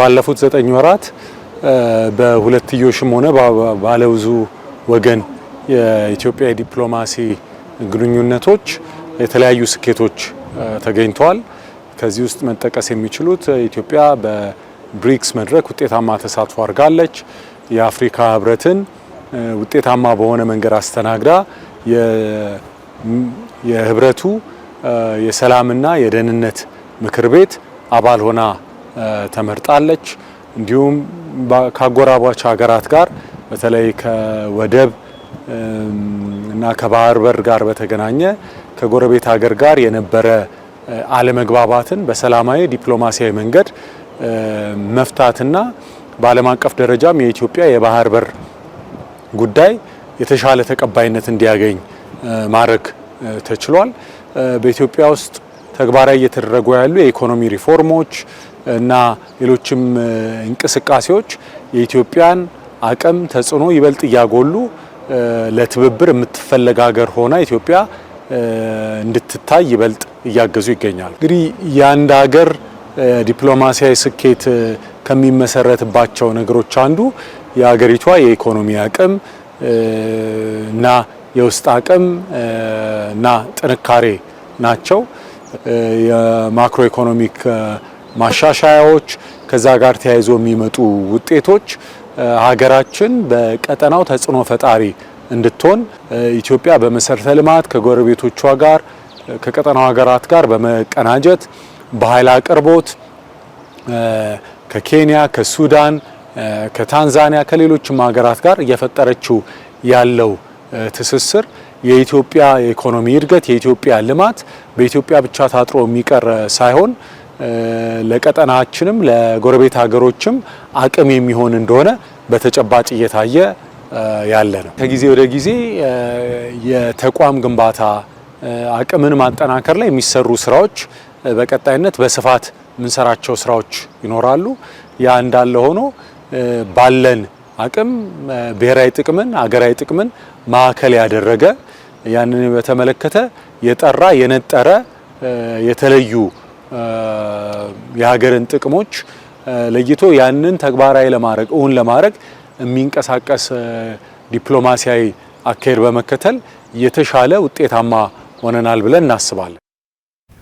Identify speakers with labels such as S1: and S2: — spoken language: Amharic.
S1: ባለፉት ዘጠኝ ወራት በሁለትዮሽም ሆነ ባለብዙ ወገን የኢትዮጵያ የዲፕሎማሲ ግንኙነቶች የተለያዩ ስኬቶች ተገኝተዋል። ከዚህ ውስጥ መጠቀስ የሚችሉት ኢትዮጵያ በብሪክስ መድረክ ውጤታማ ተሳትፎ አድርጋለች። የአፍሪካ ህብረትን ውጤታማ በሆነ መንገድ አስተናግዳ የህብረቱ የሰላምና የደህንነት ምክር ቤት አባል ሆና ተመርጣለች። እንዲሁም ከአጎራባች ሀገራት ጋር በተለይ ከወደብ እና ከባህር በር ጋር በተገናኘ ከጎረቤት ሀገር ጋር የነበረ አለመግባባትን በሰላማዊ ዲፕሎማሲያዊ መንገድ መፍታትና በዓለም አቀፍ ደረጃም የኢትዮጵያ የባህር በር ጉዳይ የተሻለ ተቀባይነት እንዲያገኝ ማድረግ ተችሏል። በኢትዮጵያ ውስጥ ተግባራዊ እየተደረጉ ያሉ የኢኮኖሚ ሪፎርሞች እና ሌሎችም እንቅስቃሴዎች የኢትዮጵያን አቅም ተጽዕኖ ይበልጥ እያጎሉ ለትብብር የምትፈለግ ሀገር ሆና ኢትዮጵያ እንድትታይ ይበልጥ እያገዙ ይገኛሉ። እንግዲህ የአንድ ሀገር ዲፕሎማሲያዊ ስኬት ከሚመሰረትባቸው ነገሮች አንዱ የሀገሪቷ የኢኮኖሚ አቅም እና የውስጥ አቅም እና ጥንካሬ ናቸው። የማክሮ ኢኮኖሚክ ማሻሻያዎች፣ ከዛ ጋር ተያይዞ የሚመጡ ውጤቶች ሀገራችን በቀጠናው ተጽዕኖ ፈጣሪ እንድትሆን ኢትዮጵያ በመሰረተ ልማት ከጎረቤቶቿ ጋር ከቀጠናው ሀገራት ጋር በመቀናጀት በኃይል አቅርቦት ከኬንያ፣ ከሱዳን፣ ከታንዛኒያ ከሌሎችም ሀገራት ጋር እየፈጠረችው ያለው ትስስር የኢትዮጵያ የኢኮኖሚ እድገት የኢትዮጵያ ልማት በኢትዮጵያ ብቻ ታጥሮ የሚቀር ሳይሆን ለቀጠናችንም ለጎረቤት ሀገሮችም አቅም የሚሆን እንደሆነ በተጨባጭ እየታየ ያለ ነው። ከጊዜ ወደ ጊዜ የተቋም ግንባታ አቅምን ማጠናከር ላይ የሚሰሩ ስራዎች በቀጣይነት በስፋት የምንሰራቸው ስራዎች ይኖራሉ። ያ እንዳለ ሆኖ ባለን አቅም ብሔራዊ ጥቅምን አገራዊ ጥቅምን ማዕከል ያደረገ ያንን በተመለከተ የጠራ የነጠረ የተለዩ የሀገርን ጥቅሞች ለይቶ ያንን ተግባራዊ ለማድረግ እውን ለማድረግ የሚንቀሳቀስ ዲፕሎማሲያዊ አካሄድ በመከተል የተሻለ ውጤታማ ሆነናል ብለን እናስባለን።